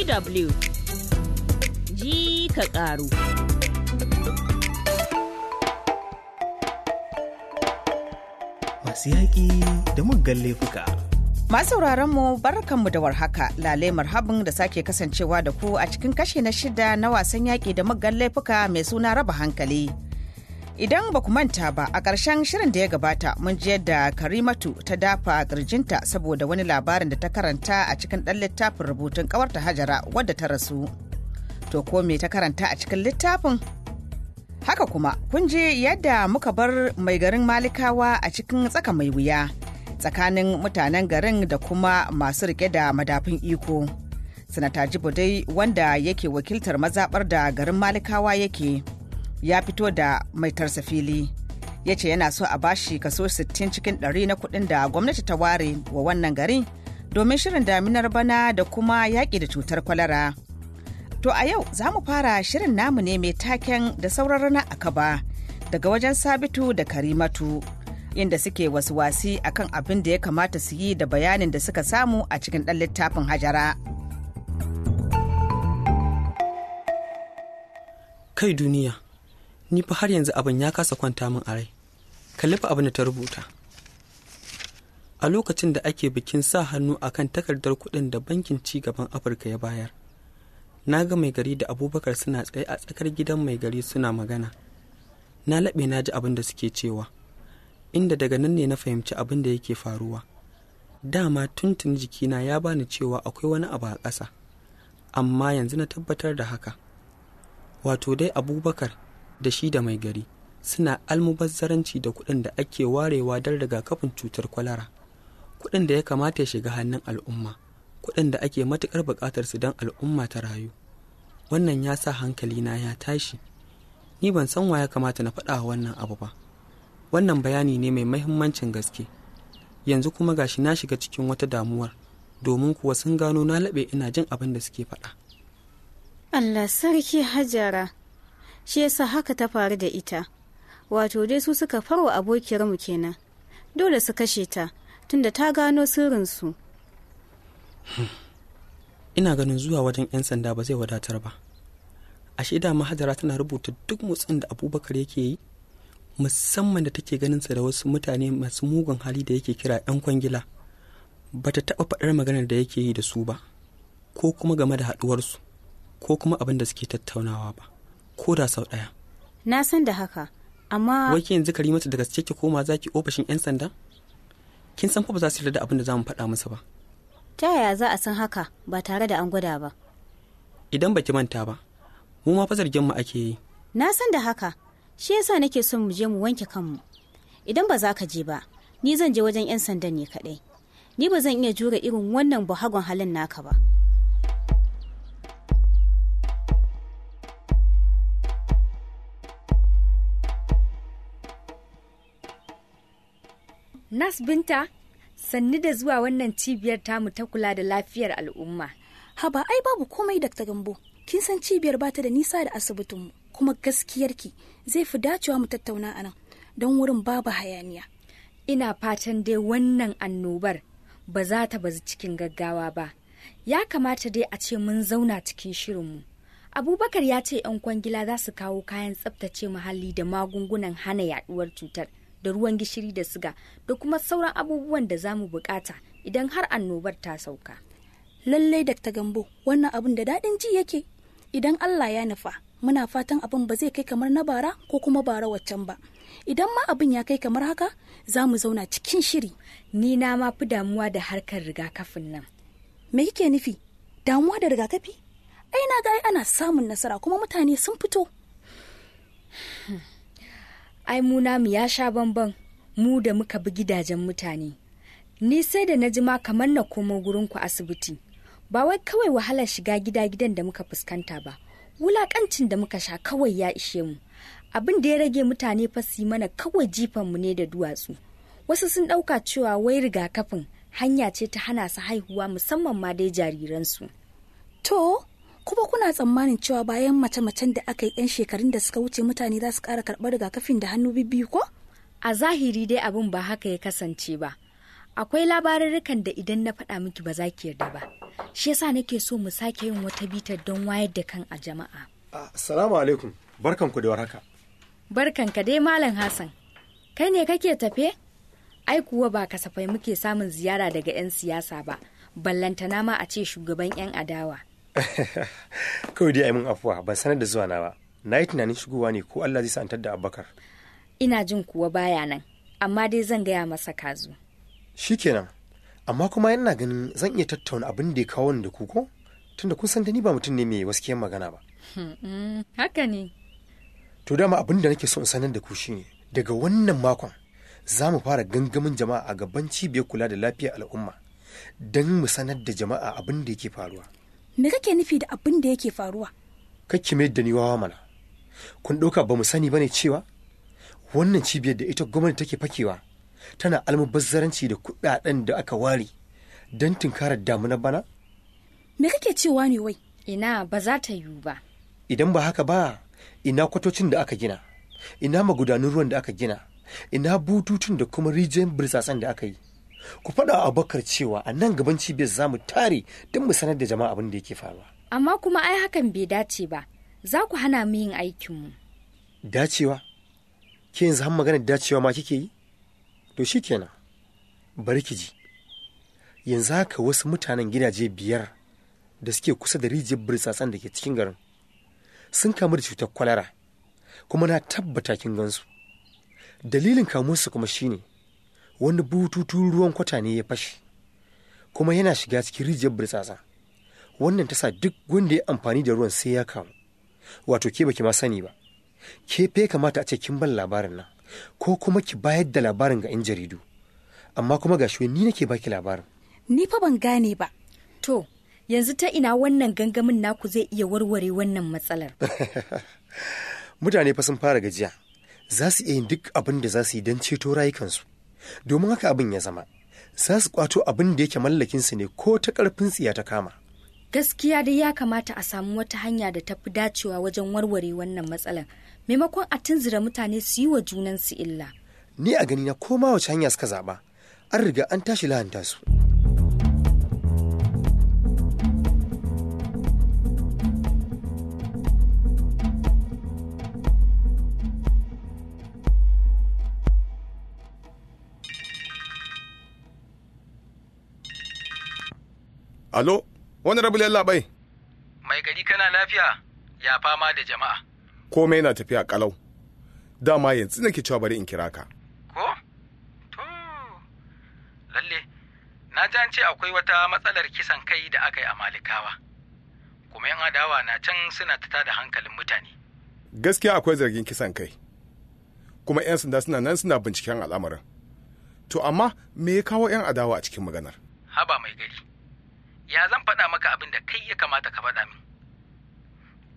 DW ji ka ƙaru. Masu yaƙi da muggan laifuka. Masu mu barkanmu da warhaka lale marhabin da sake kasancewa da ku a cikin kashe na shida na wasan yaƙi da muggan laifuka mai suna raba hankali. Idan ba ku manta ba a ƙarshen shirin da ya gabata mun ji yadda Karimatu ta dafa ƙirjinta saboda wani labarin da ta karanta a cikin ɗan littafin rubutun ƙawarta Hajara wadda ta rasu. To ko me ta karanta a cikin littafin? Haka kuma kun je yadda muka bar mai garin Malikawa a cikin tsaka mai wuya tsakanin mutanen garin da kuma masu rike da madafin iko. Sanata Jibo dai wanda yake wakiltar mazaɓar da garin Malikawa yake. ya fito da mai tarsa fili ya ce yana so a bashi kaso 60 cikin 100 na kuɗin da gwamnati ta ware wa wannan gari domin shirin daminar bana da kuma yaƙi da cutar kwalara. To a yau za mu fara shirin namu ne mai taken da sauran rana a kaba daga wajen sabitu da karimatu inda suke wasu wasi akan abin da ya kamata su yi da bayanin da suka samu a cikin ɗan littafin hajara. Kai duniya. ni fa har yanzu abin ya kasa kwanta min a rai kalli fa abin da ta rubuta a lokacin da ake bikin sa hannu a kan takardar kuɗin da bankin ci gaban afirka ya bayar na ga mai gari da abubakar suna tsaye a tsakar gidan mai gari suna magana na laɓe na ji abin da suke cewa inda daga nan ne na fahimci abin da yake faruwa dama tuntun jikina ya bani cewa akwai wani abu a ƙasa amma yanzu na tabbatar da haka wato dai abubakar da shi da mai gari suna almubazzaranci da kuɗin da ake warewa don rigakafin cutar kwalara kuɗin da ya kamata ya shiga hannun al'umma kuɗin da ake matuƙar buƙatar su don al'umma ta rayu wannan ya sa na ya tashi ni ban san wa ya kamata na faɗa wannan abu ba wannan bayani ne mai mahimmancin gaske yanzu kuma gashi na shiga cikin wata damuwar domin kuwa sun gano na laɓe ina jin abin da suke faɗa Allah sarki hajara shi yasa haka ta faru da ita wato dai su suka farwa abokiyar mu kenan dole su kashe ta tunda ta gano sirrinsu hmm. ina ganin zuwa wajen 'yan sanda ba zai wadatar ba ashe da mahajara tana rubuta duk motsin da abubakar yake yi musamman da take ganinsa da wasu mutane masu mugun hali da yake kira 'yan kwangila ba ta taɓa faɗar maganar da yake yi da su ba ko kuma game da haɗuwarsu ko kuma abin da suke tattaunawa ba ko da sau ɗaya. Na san da haka, amma... Wai ke yanzu kari mata da gaske ki koma ki ofishin 'yan sanda? Kin san fa ba za su yarda da abin da za mu faɗa masa ba. Ta yaya za a san haka ba tare da an gwada ba? Idan baki manta ba, mu ma fa zargin mu ake yi. Na san da haka, shi yasa nake son mu je mu wanke kanmu. Idan ba za ka je ba, ni zan je wajen 'yan sanda ne kaɗai. Ni ba zan iya jure irin wannan buhagon halin naka ba. Nas Binta, sannu da zuwa wannan cibiyar tamu ta kula da lafiyar al'umma. Haba ai babu komai Dr. Gambo, kin san cibiyar bata da nisa da asibitinmu, kuma gaskiyarki zai fi dacewa mu tattauna a nan, don wurin babu hayaniya. Ina fatan dai wannan annobar ba za ta bazu cikin gaggawa ba. Ya kamata dai a ce mun zauna cikin shirinmu. Abubakar ya ce 'yan kwangila za su kawo kayan tsabtace muhalli da magungunan hana yaduwar cutar. da ruwan gishiri da siga da kuma sauran abubuwan da za mu bukata idan har annobar ta sauka. Lallai Dr. Gambo, wannan abin da daɗin ji yake idan Allah ya nufa muna fatan abin ba zai kai kamar na bara ko kuma bara waccan ba. Idan ma abin ya kai kamar haka za mu zauna cikin shiri. Ni na ma fi damuwa da harkar rigakafin nan. Me kike nufi? Damuwa da rigakafi? Ai na ga ana samun nasara kuma mutane sun fito. ai mu ya sha bamban mu da muka bi gidajen mutane ni sai da na ji ma kamar na komo gurinku asibiti ba wai kawai wahalar shiga gida gidan da muka fuskanta ba wulakancin da muka sha kawai ya ishe mu abin da ya rage mutane fasi mana kawai jifan mu ne da duwatsu wasu sun ɗauka cewa wai rigakafin hanya ce ta hana su haihuwa musamman ma dai jariransu to kuma kuna tsammanin cewa bayan mace-macen da aka yi 'yan shekarun da suka wuce mutane za su ƙara karɓar rigakafin da hannu biyu ko? A zahiri dai abin ba haka ya kasance ba. Akwai labarurrukan da idan na faɗa miki ba za ki yarda ba. Shi yasa nake so mu sake yin wata bitar don wayar da kan a jama'a. Assalamu ah, alaikum. Barkanku da warhaka. Barkanka dai Malam Hassan. Kai ne kake tafe? Ai kuwa ba kasafai muke samun ziyara daga 'yan siyasa ba. Ballantana ma a ce shugaban 'yan adawa. Kawai dai min afuwa ban sanar da zuwa na ba. Na yi tunanin shigowa ne ko Allah zai santar da Abubakar. Ina jin kuwa baya nan, amma dai zan gaya masa kazu. Shi kenan amma kuma yana ganin zan iya tattauna abin da ya kawo ni da ku ko? Tunda kun san da ni ba mutum ne mai waskiyar magana ba. Hmm, haka ne. To dama abin da nake so in sanar da ku shine daga wannan makon za mu fara gangamin jama'a a gaban cibiyar kula da lafiyar al'umma don mu sanar da jama'a abin da yake faruwa. me kake nufi da abin da yake faruwa kakki mai da ni wawa mana kun ɗauka ba mu sani bane cewa wannan cibiyar da ita gwamnati take fakewa tana almubazzaranci da kuɗaɗen da aka ware don tunkarar damuna bana me kake cewa ne wai ina ba za ta yiwu ba idan ba haka ba ina kwatocin da aka gina ina magudanin ruwan da aka gina ina bututun da kuma rijiyar birtsatsen da aka yi ku faɗa bakar cewa a nan gaban cibiyar za mu tare don mu sanar da jama'a abin da yake faruwa amma kuma ai hakan bai dace ba za ku hana mu yin aikinmu dacewa ke yanzu har maganar dacewa ma kike yi to shi kenan, bari ki ji yanzu haka wasu mutanen gidaje biyar da suke kusa da rijiyar birtsatsen da ke cikin garin sun kamu da cutar kwalara kuma na tabbata kin gansu dalilin kamuwarsu kuma shine wani bututun ruwan kwata ne ya fashe kuma yana shiga cikin rijiyar burtsatsa wannan ta sa duk wanda ya amfani da ruwan sai ya kamu wato ke baki ma sani ba ke fe kamata a ce kin ban labarin nan ko kuma ki bayar da labarin ga 'yan jaridu amma kuma ga shi ni nake baki labarin ni fa ban gane ba to yanzu ta ina wannan gangamin naku zai iya warware wannan matsalar mutane fa sun fara gajiya za su iya yin duk abin da za su yi don ceto rayukansu domin haka abin ya zama za su kwato abin da yake mallakinsu ne ko ta karfin tsiya ta kama gaskiya dai ya kamata a samu wata hanya da ta fi dacewa wajen warware wannan matsalar maimakon a tunzura mutane su yi wa junansu illa ni a gani na koma wace hanya suka zaɓa an riga an tashi lahanta su. Alo, wani rabu labai. Mai gari kana lafiya ya fama da jama'a. Komai na tafiya kalau. Dama yanzu nake cewa bari in kira ka. Ko? To, lalle, na ji an ce akwai wata matsalar kisan kai da aka yi a Malikawa. Kuma yan adawa na can suna ta tada hankalin mutane. Gaskiya akwai zargin kisan kai. Kuma 'yan sanda suna nan suna binciken al'amarin. To amma me ya kawo 'yan adawa a cikin maganar? Haba mai gari. ya zan faɗa maka abin da kai ya kamata ka faɗa min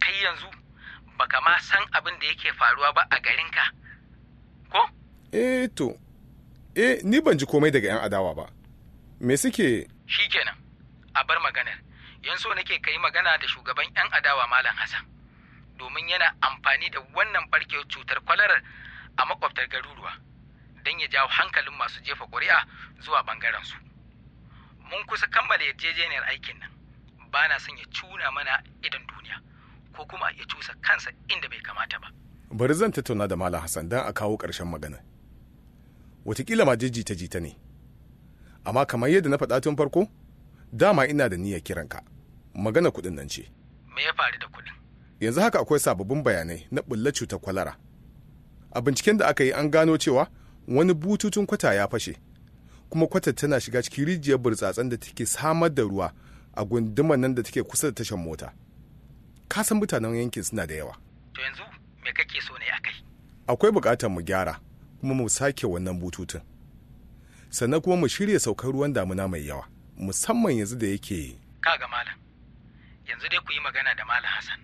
kai yanzu baka ma san abin da yake faruwa ba a garinka ko eh to eh ni ban ji komai daga 'yan adawa ba me suke shikenan a bar maganar yanzu nake kai magana da shugaban 'yan adawa malam hassan domin yana amfani da wannan barkewar cutar kwalarar a makwabtar garuruwa don ya jawo hankalin masu jefa ƙuri'a zuwa ɓangarensu mun kusa kammala yarjejeniyar aikin nan ba na son ya cuna mana idan duniya ko kuma ya cusa kansa inda bai kamata ba bari zan tattauna da malam hassan don a kawo ƙarshen magana watakila ma jijita jita ne amma kamar yadda na faɗa tun farko dama ina da niyyar kiranka magana kuɗin nan ce me ya faru da kuɗin yanzu haka akwai sababbin bayanai na ɓulla cutar kwalara a binciken da aka yi an gano cewa wani bututun kwata ya fashe kuma kwatar tana shiga cikin rijiyar burtsatsen da take samar da ruwa a gundumar nan da take kusa da tashar mota ka san mutanen yankin suna da yawa to yanzu me kake so ne akai akwai bukatar mu gyara kuma mu sake wannan bututun sannan kuma mu shirya saukar ruwan damuna mai yawa musamman yanzu da yake kaga malam yanzu dai ku yi magana da malam hasan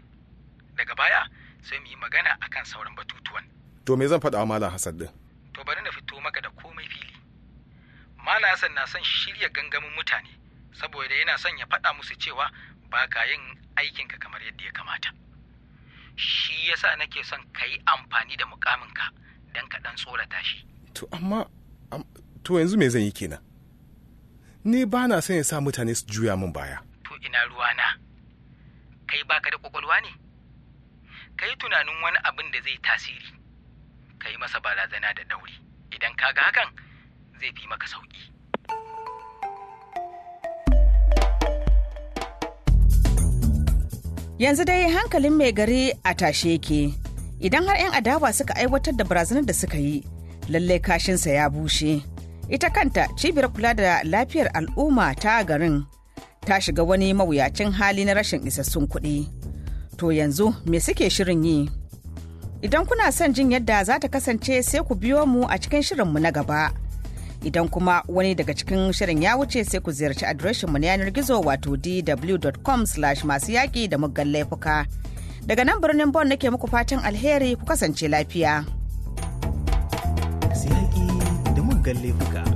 daga baya sai mu yi magana akan sauran batutuwan to me zan faɗa wa malam hassan din Hassan na son shirya gangamin mutane saboda yana son ya faɗa musu cewa ba ka yin aikinka kamar yadda ya kamata shi yasa nake son ka yi amfani da mukaminka don ka ɗan tsorata shi to amma to yanzu me zan yi kenan ni ba na son ya sa mutane su juya min baya to ina ruwana kai baka da kwakwalwa ne ka yi tunanin wani abin da zai tasiri ka yi masa barazana da ɗauri. idan ka ga hakan zai fi maka sauƙi yanzu dai hankalin mai gari a tashe yake idan har 'yan adawa suka aiwatar da barazanar da suka yi lallai kashinsa ya bushe ita kanta cibiyar kula da lafiyar al'umma ta garin ta shiga wani mawuyacin hali na rashin isassun kuɗi to yanzu me suke shirin yi idan kuna son jin yadda za ta kasance sai ku biyo mu a cikin shirin mu na gaba. Idan kuma wani daga cikin shirin ya wuce sai ku ziyarci mu na yanar gizo wato dw.com slash masu yaƙi da muggan laifuka. Daga nan birnin Bon nake muku fatan alheri ku kasance lafiya. Masu da muggan laifuka.